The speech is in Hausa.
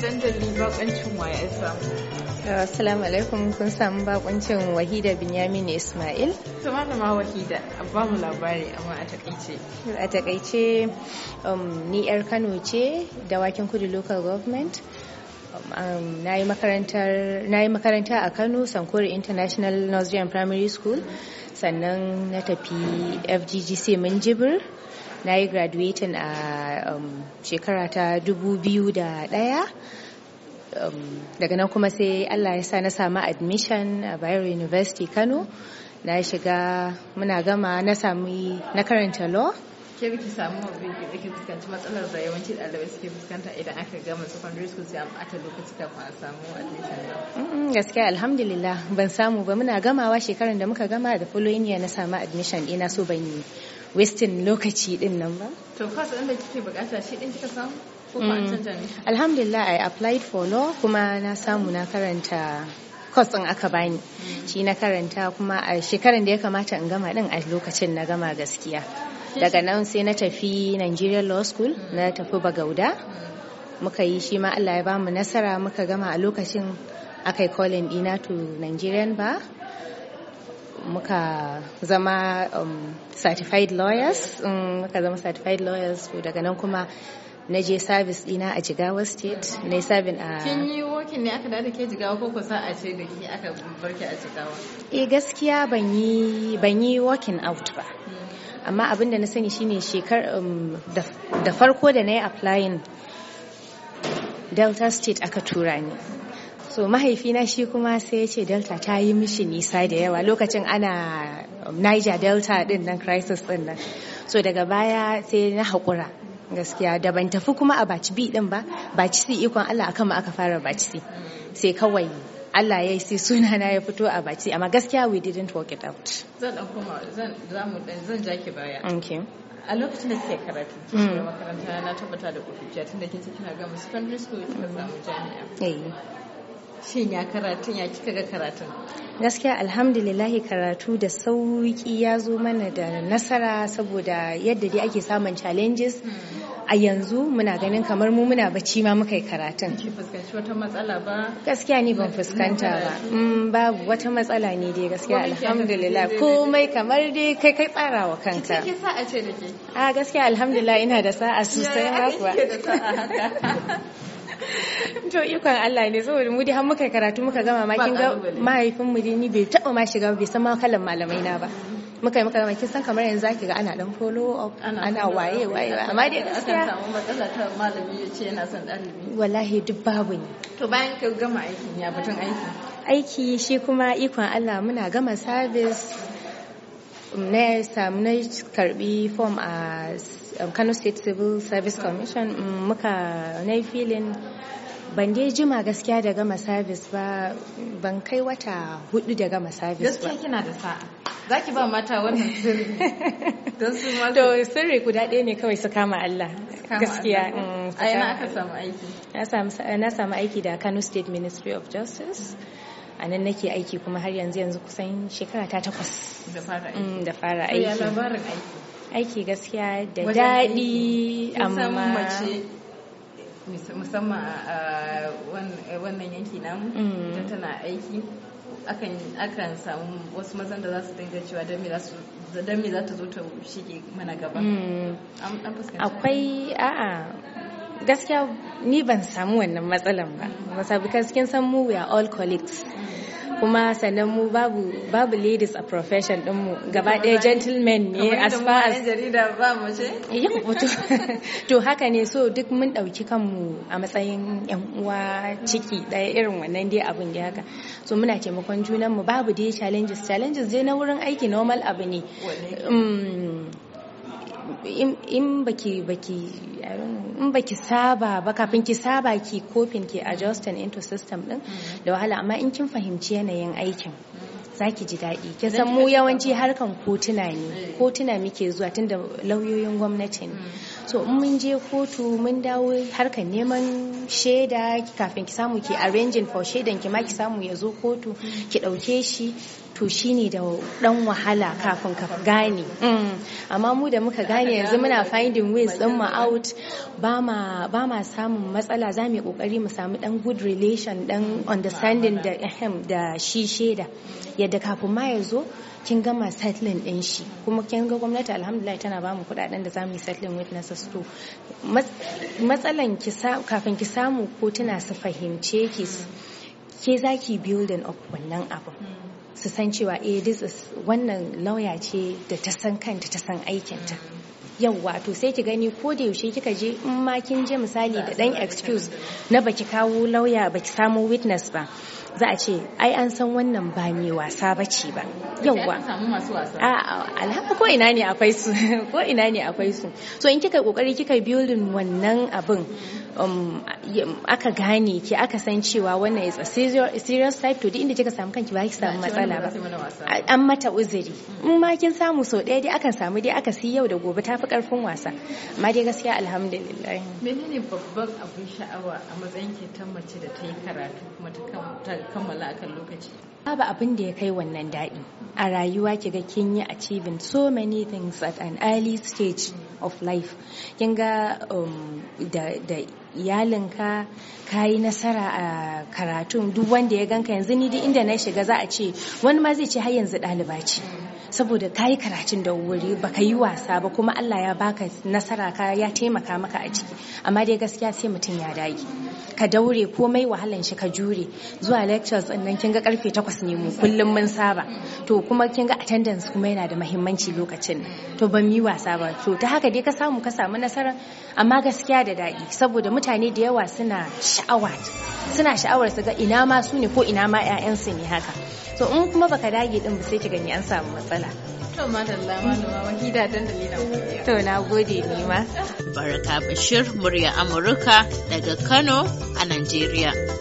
dandali uh, Assalamu alaikum kun samu bakuncin Wahida Binyamin Ismail. da ma Wahida, ba mu labari amma a takaice. A takaice um, ni yar Kano ce da wakin kudu local government. Um, um, na yi makaranta a kano sankore international nigerian primary school sannan na tafi fggc minjibir na yi graduating a um, shekara ta 2001 um, daga nan kuma sai allah ya sa na samu admission a bayero university kano na shiga muna gama na sami na karanta law ke biki samu biki fuskanci matsalar da yawanci ɗalibai suke fuskanta idan aka gama secondary school sai a ta lokaci kafin a samu admission gaskiya alhamdulillah ban samu ba muna gamawa shekaran da muka gama da following year na samu admission ina so ban yi wasting lokaci din nan ba to kasu inda kike bukata shi din kika samu mm. alhamdulillah i applied for law kuma na samu na karanta course din aka bani mm. shi na karanta kuma a shekaran da ya kamata in gama din a lokacin na gama gaskiya daga nan sai na tafi Nigerian Law School na tafi Bagauda muka yi shi ma Allah ya bamu nasara muka gama a lokacin aka yi calling dina to Nigerian ba muka zama um, certified lawyers um, muka zama certified lawyers daga nan kuma na je service dina a jigawa state na yi sabin a kin yi working ne aka da ke jigawa ko kusa a ce da ke aka barke a jigawa eh gaskiya ban yi working out ba hmm. amma abin da na sani shine shekar um, da farko da na yi applying delta state aka tura ni so mahaifina shi kuma sai ya ce delta ta yi mishi nisa da yawa lokacin ana um, niger delta din nan crisis din nan so daga baya sai na haƙura gaskiya da ban tafi kuma a baci bi din ba baci si ikon allah akan ma aka fara baci si sai kawai Allah ya yi sai suna na ya fito a baki amma gaskiya we didn't work it out zan dan koma zan zamu dan zan jake baya okay a lokacin da kike karatu da mm. makaranta na tabbata da kuɗi tunda kin kina gama secondary school kika samu jami'a eh. shin ya karatun ya kika ga karatun gaskiya alhamdulillahi karatu da sauki ya zo mana da nasara saboda yadda dai ake samun challenges hmm. a yanzu muna ganin kamar mu muna bacci ma muka yi karatun gaskiya ni ban fuskanta ba mm, babu wata matsala ne dai gaskiya alhamdulillah komai kamar dai kai kai tsara wa kanka a gaskiya alhamdulillah ina da sa'a sosai ma to ikon Allah ne saboda mu dai har muka karatu muka gama ma kin ga mahaifin mu dai ni bai taba ma shiga bai san ma kalan malamai na ba muka yi muka gama kin san kamar yanzu zaki ga ana dan follow up ana waye waye amma dai gaskiya akan samu matsala ta malami ya ce yana son dalibi wallahi duk babu ne to bayan ka gama aikin ya batun aiki aiki shi kuma ikon Allah muna gama service um, na samu na karbi form a Um, Kano State Civil Service Commission mm, muka na filin ban dai jima gaskiya da gama service ba ban kai wata hudu da gama service ba. Gaskiya kina da sa'a. za ki ba mata wannan sirri don su ma to sirri guda ɗaya ne kawai su kama Allah gaskiya mm, a yana aka samu aiki na samu aiki da Kano State Ministry of Justice a nan nake aiki kuma har yanzu yanzu kusan shekara ta takwas da fara mm, aiki da fara aiki aiki gaskiya da daɗi amma mace musamman a wannan yanki namu mm. idan tana aiki akan samu wasu mazan da za su dinga cewa don me za ta zo ta shige mana gaba mm. akwai a'a gaskiya ni ban samu wannan matsalan ba mm. because kin san mu we are all colleagues mm. kuma sannan mu babu babu ladies a profession dinmu gaba ɗaya gentleman ne as far as jarida ba mu ce to haka ne so duk mun ɗauki kanmu a matsayin yan uwa ciki ɗaya irin wannan dai abin da haka so muna taimakon junan mu babu dai challenges challenges dai na wurin aiki normal abu ne in baki baki in baki saba ba kafin ki saba ki kofin ki adjusting into system din mm. da wahala amma in kin fahimci yanayin aikin mm. za ki ji daɗi kin san mu yawanci harkan kotuna ne kotuna mm. muke zuwa tunda lauyoyin gwamnati ne so in mun je kotu mun dawo harkan neman shaida kafin ki samu ki arranging for shaidan ki ma ki samu ya zo kotu ki ɗauke shi to shine da dan wahala kafin ka gane mm. amma mu da muka gane yanzu muna finding ways din mu out ba ma samun matsala za mu yi kokari mu samu dan good relation dan understanding da ehem da shi sheda yadda kafin ma ya zo kin gama settling din shi kuma kin ga gwamnati alhamdulillah tana ba mu kudaden da za mu yi settling witnesses to matsalan kafin ki samu ko tana su fahimce ki ke za building up wannan abu su san cewa eh this is wannan lauya ce da ta san kanta ta san aikinta yau wato sai ki gani ko da yaushe kika je in ma kin je misali da dan excuse na baki kawo lauya baki samu witness ba za a ce ai an san wannan ba mai wasa ba ce ba yauwa alhaka ko ina ne akwai su ko ina ne akwai su so in kika kokari kika building wannan abin um, aka gane ki aka san cewa wannan is a serious type to di inda kika samu kanki ba ki samu matsala ba an mata uzuri in ma kin samu sau ɗaya dai aka samu dai aka si yau da gobe tafi karfin wasa amma dai gaskiya alhamdulillah menene babban abin sha'awa a matsayin ki ta mace da ta yi karatu kuma ta kammala kammala akan lokaci babu abin da ya kai wannan daɗi a rayuwa ki ga kin yi achieving so many things at an early stage of life kin ga um, da iyalinka ka yi nasara a karatun duk wanda ya ganka yanzu ni duk inda na shiga za a ce wani ma zai ce har yanzu ɗaliba ce saboda ka yi karatun da wuri baka yi wasa ba kuma Allah ya baka nasara ka ya taimaka maka a ciki amma dai gaskiya sai mutum ya dage ka daure komai wahalan shi ka jure zuwa lectures din nan kinga karfe 8 ne mu kullum mun saba to kuma kinga attendance kuma yana da muhimmanci lokacin to ban yi wasa ba to ta haka dai ka samu ka samu nasara amma gaskiya da dadi saboda mutane da yawa suna sha'awa suna sha'awar su ga ina ma su ne ko ina ma 'ya'yansu ne haka so in kuma baka dage din ba sai ki gani an samu matsala to madalla malama wahida dandali na to na gode ni ma baraka bashir murya amurka daga kano a najeriya